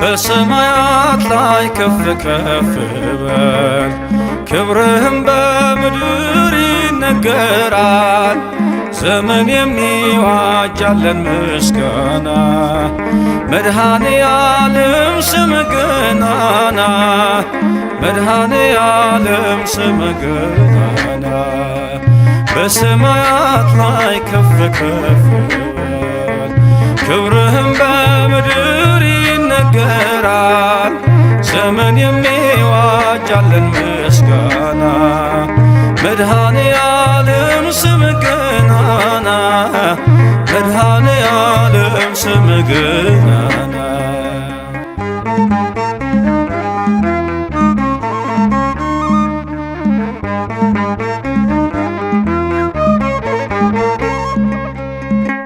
በሰማያት ላይ ከፍ ከፍ ያለን ምስጋና መድኃኔ ዓለም ስም ገናና መድኃኔ ዓለም ስም ገናና በሰማያት ላይ ከፍ ከፍ ክብርህም በምድር ይነገራል። ዘመን የሚዋጃለን ምስጋና መድኃኔ ዓለም ስም ገናና መድኃኔ ዓለም ስምህ ገናና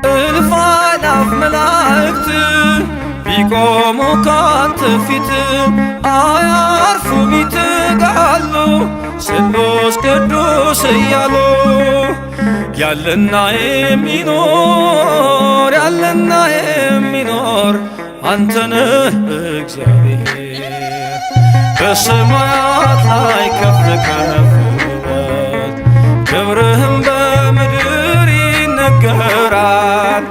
እልፍ አእላፍ መላእክት ቢቆሙ ካንተ ፊት አያርፉም ይተጋሉ ስሉስ ቅዱስ እያሉ ያለና የሚኖር ያለና የሚኖር አንተነህ እግዚአብሔር በሰማያት ላይ ከፍ ከፍበት ክብርህም በምድር ይነገራል።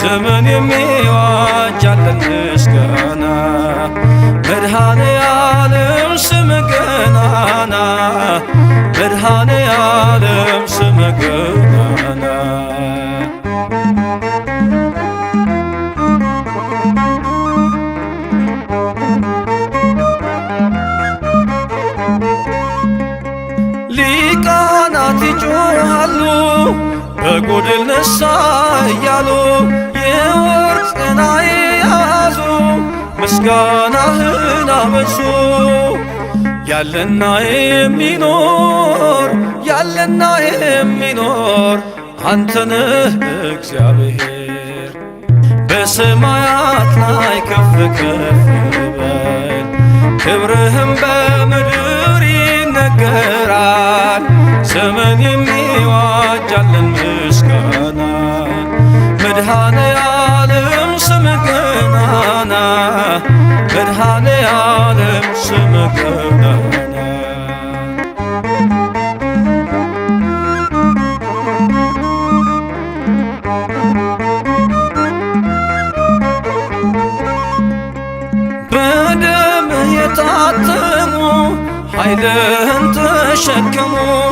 ዘመን የሚዋጅ ያለን ምስጋና መድኃኔ ዓለም ስም ገናና መድኃኔ ዓለም ስም ገናና ድል ነሳ እያሉ የወር ጽና የያዙ ምስጋናህን አበዙ ያለና የሚኖር ያለና የሚኖር አንተነህ እግዚአብሔር በሰማያት ላይ ከፍ ከፍ በል ክብርህም በምድር ይነገራል ዘመን በደም የታተሙ ኃይልን ተሸክሙ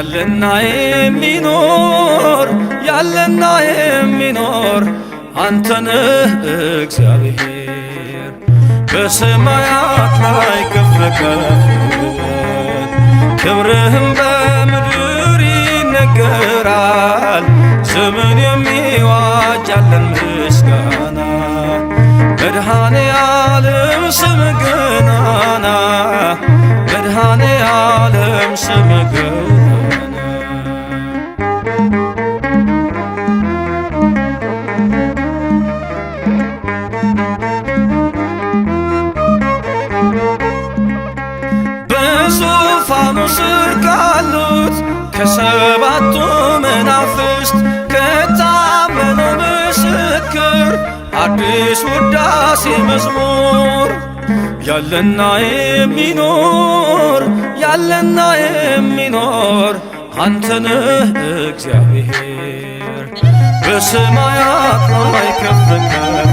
ያለና የሚኖር ያለና የሚኖር አንተ ነህ እግዚአብሔር። በሰማያት ላይ ከፍ ከፍ ክብርህም አዲስ ውዳሴ መዝሙር ያለና የሚኖር ያለና የሚኖር አንተነህ እግዚአብሔር በሰማያት ላይ ከፍ ከፍ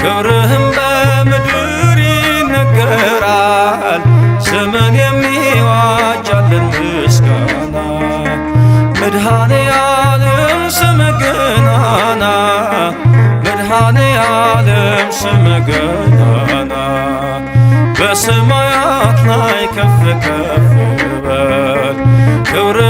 ክብርህም Go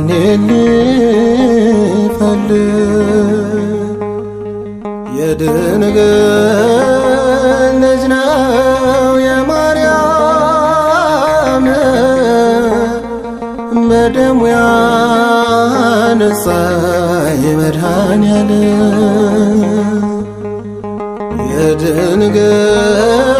እኔ ልፈልግ የድንግል ልጅ ነው የማርያም በደሙ ያነጻኝ መድኃኔዓለም የድንግል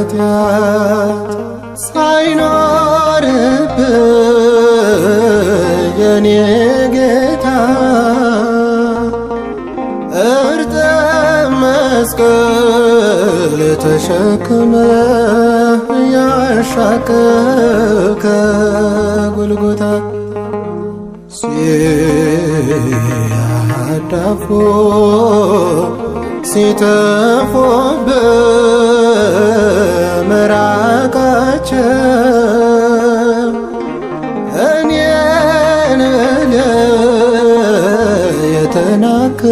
ኃጢአት ሳይኖርብ የኔ ጌታ እርጠ መስቀል ተሸክመ ያሻቀብከ ጎልጎታ ሲያዳፎ ሲጠፉብ ምራቃቸው እኔን ብለህ የተናከ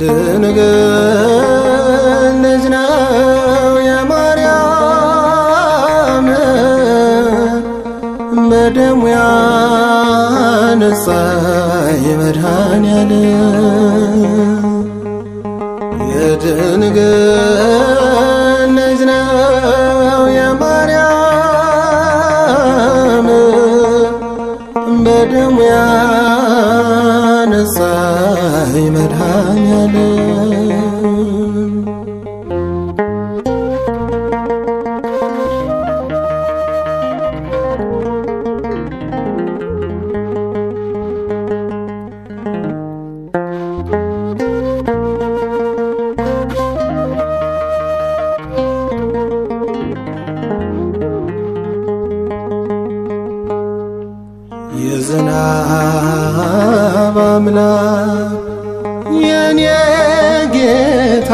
ድንግል ልጅ ነው የማርያም በደሙ ያነጻኝ መድኃኔዓለም የድንግል የዝናብ አምላክ የኔ ጌታ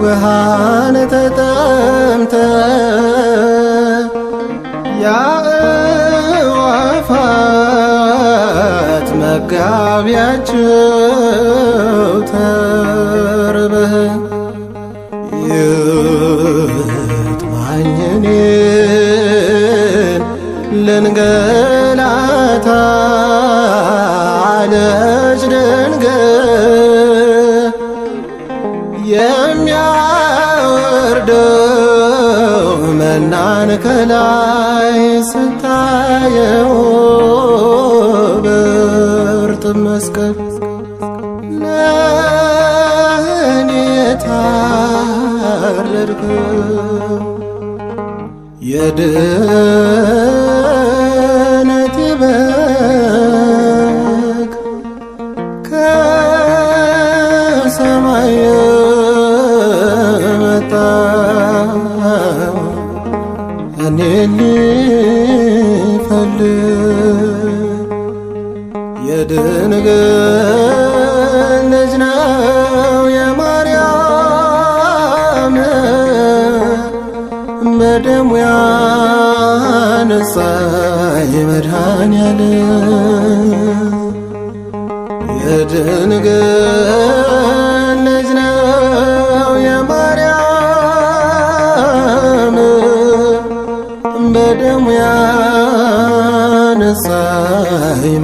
ውሃን ተጠምተ ያእዋፋት መጋቢያቸው ተርበህ ድንግላታ ነሽ ድንግል የሚያወርደው መናን ከላይ ስታየው ብርት መስቀል ለእኔ የድ ላይ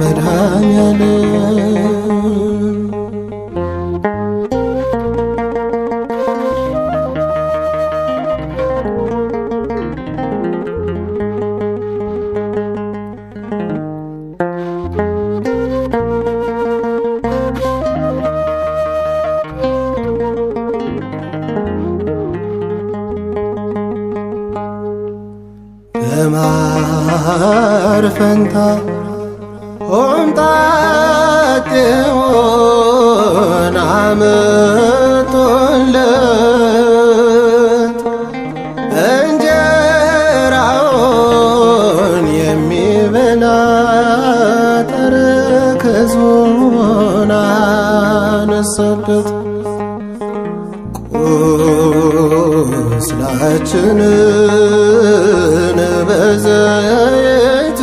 ምስላችንን በዘይት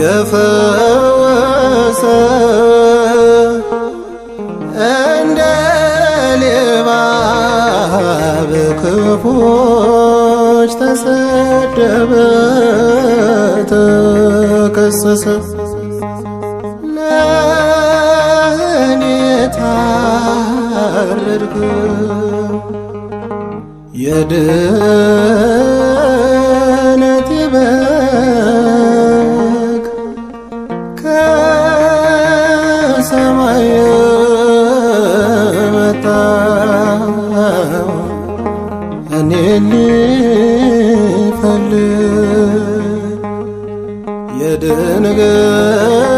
የፈወሰ እንደ ሌባ በክፎች ተሰደበ ተከሰሰ ለእኔ ታረድክ የድህነቴ በግ ከሰማይ መጣ እኔን ፈልግ የድንግል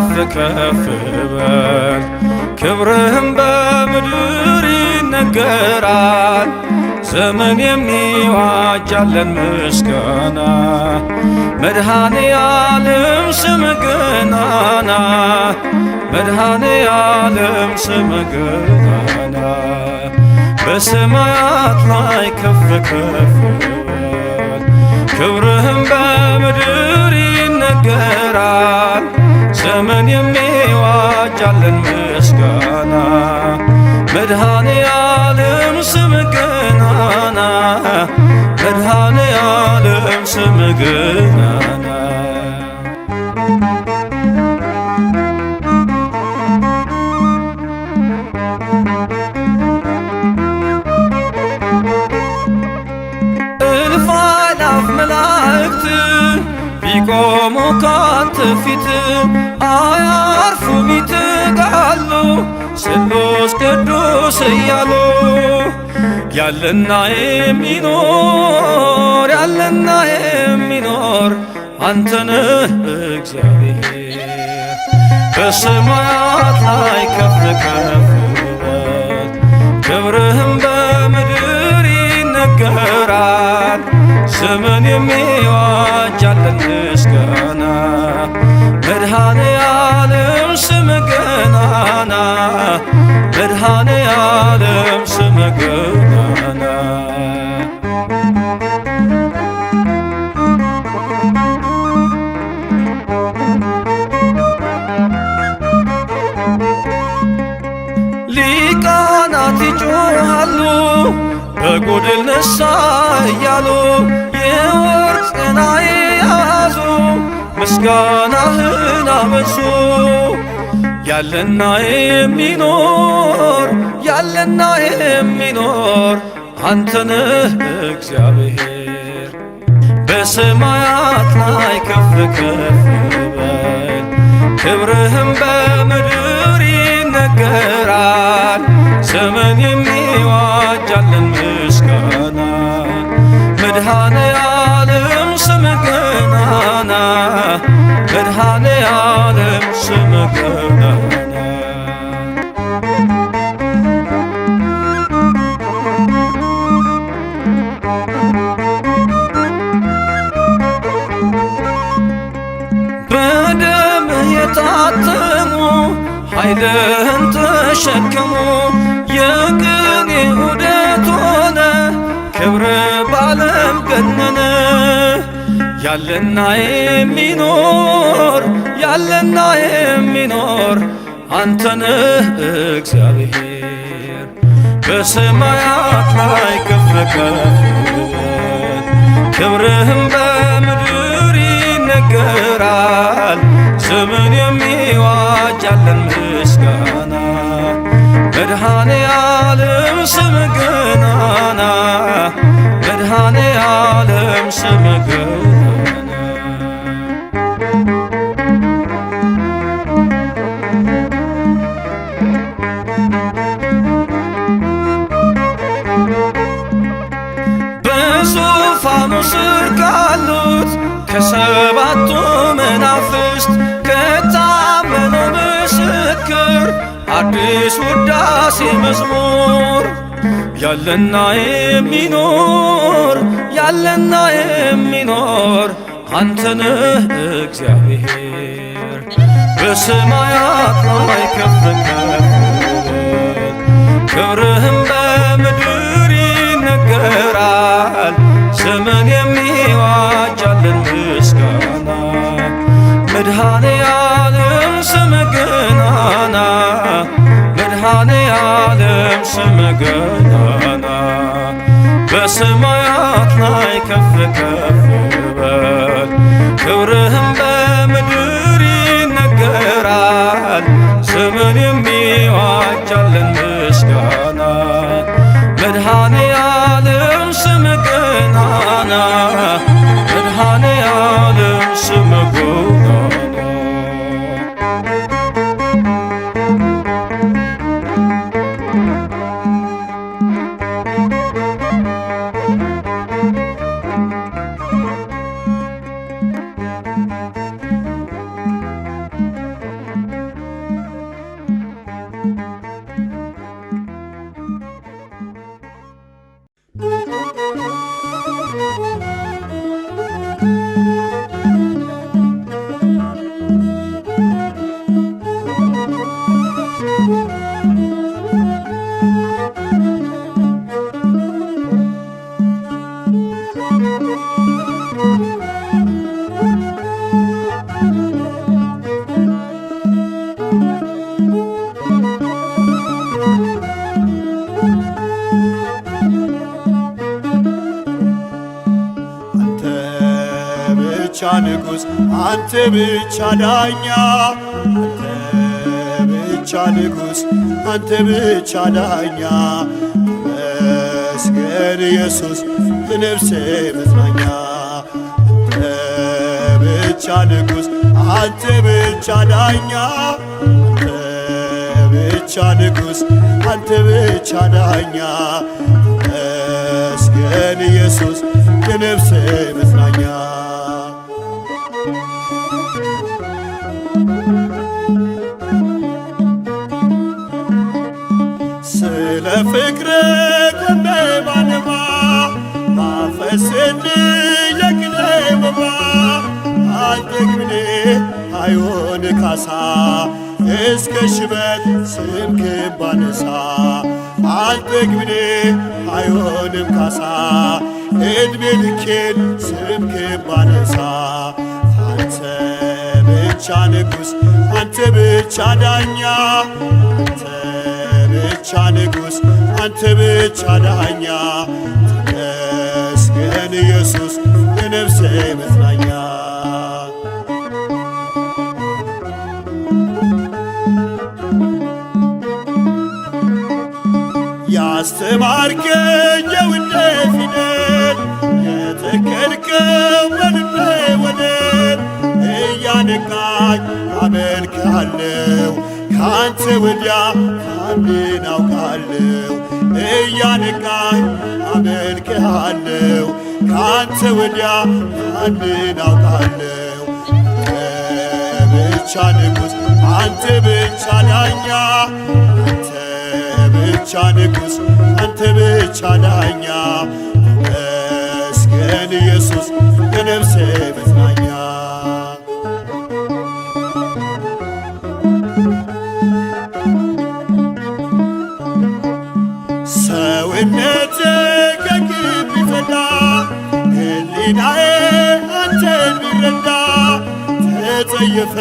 ከፍ ከፍ በል ክብርህም በምድር ይነገራል። ዘመን የሚዋጃለን ምስጋና መድኃኔ ዓለም ስም ገናና መድኃኔ ዓለም ስም ገናና በሰማያት ላይ ከፍ ከፍ ክብርህም በምድር ይነገራል። ዘመን የሚዋጃለን ምስጋና መድኃኔ ዓለም ስም ገናና መድኃኔ ዓለም ስም ገናና እልፍ አእላፍ መላእክት ቢቆሙ ካንተ ፊት አያርፉም ይትጋሉ ስሉስ ቅዱስ እያሉ ያለና የሚኖር ያለና የሚኖር አንተነህ እግዚአብሔር በሰማያት ላይ ከፍ ከፍ ክብርህም በምድር ይነገራል። ዘመን የሚዋጅ ያለን ምስጋና መድኃኔ ስም ገናና መድኃኔ ዓለም ስም ገናና ሊቃናት ይጮሃሉ በጎድል ነሳ እያሉ የወርቅ ጽና የያዙ ምስጋናህን አበዙ ያለና የሚኖር ያለና የሚኖር አንተነህ እግዚአብሔር። በሰማያት ላይ ከፍ ከፍ በል ክብርህም በምድር ይነገራል። ዘመን የሚዋጅ የሚዋጃለን ምስጋና መድኃኔ ዘውድን ተሸክሞ የቅኔ ዑደት ሆነ ክብር ባለም ገነነ ያለና የሚኖር ያለና የሚኖር አንተነህ እግዚአብሔር በሰማያት ላይ ከፍ ከፍ ክብርህም በምድር ይነገራል ዘመን የሚዋጅ ያለን ምስጋና መድኃኔ ዓለም ስም ገናና መድኃኔ ዓለም ስም ገናና ፍቅር አዲስ ውዳሴ መዝሙር ያለና የሚኖር ያለና የሚኖር አንተ ነህ እግዚአብሔር በሰማያት ላይ ከፍ ክብርህም በምድር ይነገራል። ዘመን የሚዋጃልን ምስጋና መድኃኔ ስም ገናና በሰማያት ላይ ከፍ ከፍ በል ክብርህም በምድር ይነገራል። ስምን የሚዋጃልን ምስጋና መድኃኔ ዓለም ስም ገናና መድኃኔ ዓለም ስም ብቻ ንጉሥ፣ አንተ ብቻ ዳኛ፣ አንተ ብቻ ንጉሥ፣ አንተ ብቻ ዳኛ፣ ተመስገን ኢየሱስ የነፍሴ መዝናኛ። አንተ ብቻ ንጉሥ፣ አንተ ብቻ ዳኛ፣ አንተ ብቻ ንጉሥ፣ አንተ ብቻ ዳኛ ተመስገን ኢየሱስ የነፍሴ መዝናኛ ካሳ እስከ ሽበት ስምክ ባነሳ አልጠግብኔ አይሆንም ካሳ እድሜ ልኬን ስምክ ባነሳ አንተ ብቻ ንጉሥ አንተ ብቻ ዳኛ አንተ ብቻ ንጉሥ አንተ ብቻ ዳኛ ተመስገን ኢየሱስ የነፍሴ መዝናኛ አስተማርከኝ የውዴ ፊደል የተከልከው ወንዴ ወደር እያነቃኝ አመልክሃለሁ ካንተ ወዲያ አንድን አውቃለሁ እያነቃኝ አመልክሃለሁ ካንተ ወዲያ አንድን አውቃለሁ ብቻ ንጉሥ አንተ ብቻ ዳኛ ብቻ ንጉሥ፣ አንተ ብቻ ዳኛ፣ ተመስገን ኢየሱስ የነፍሴ መጽናኛ። ሰውነቴ ከግፍ ቢፈላ ሕሊናዬ አንተን ቢረዳ ተጸየፈ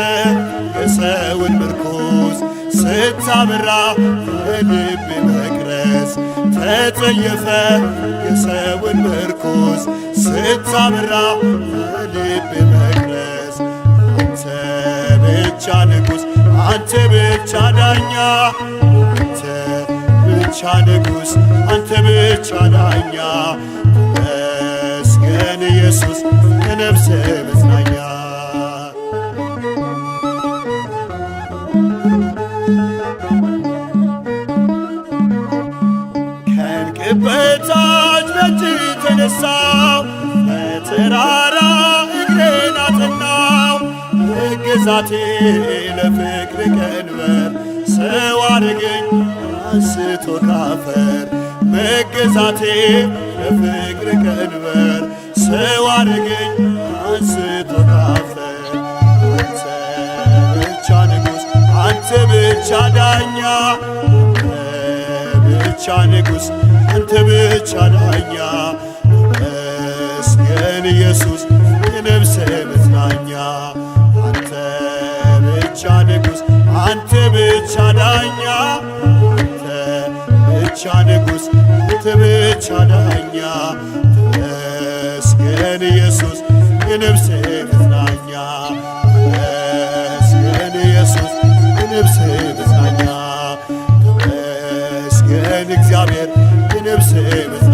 የሰውን ምርኩዝ ስታበራ ልቤ ተጸየፈ የሰውን ምርኩዝ ስታበራ የልቤ መቅደስ አንተ ብቻ ንጉሥ፣ አንተ ብቻ ዳኛ፣ አንተ ብቻ ንጉሥ፣ አንተ ብቻ ዳኛ ተመስገን ኢየሱስ የነፍሴ መጽናኛ እበታች በጅ ተነሳው በተራራ እግሬን አጠናው እግዛቴ ለፍቅር ቀንበር ሰው አረገኝ አንስቶ ካፈር መገዛቴ ለፍቅር ቀንበር ሰው አረገኝ አንስቶ ካፈር አንተ ብቻ ንጉሥ አንተ ብቻ ዳኛ ብቻ ንጉሥ አንተ ብቻ ዳኛ ተመስገን ኢየሱስ የነፍሴ መጽናኛ አንተ ብቻ ንጉሥ አንተ ብቻ ዳኛ አንተ ብቻ ንጉሥ አንተ ብቻ ዳኛ ተመስገን ኢየሱስ የነፍሴ መጽናኛ ተመስገን ኢየሱስ የነፍሴ መጽናኛ ተመስገን እግዚአብሔር to everything.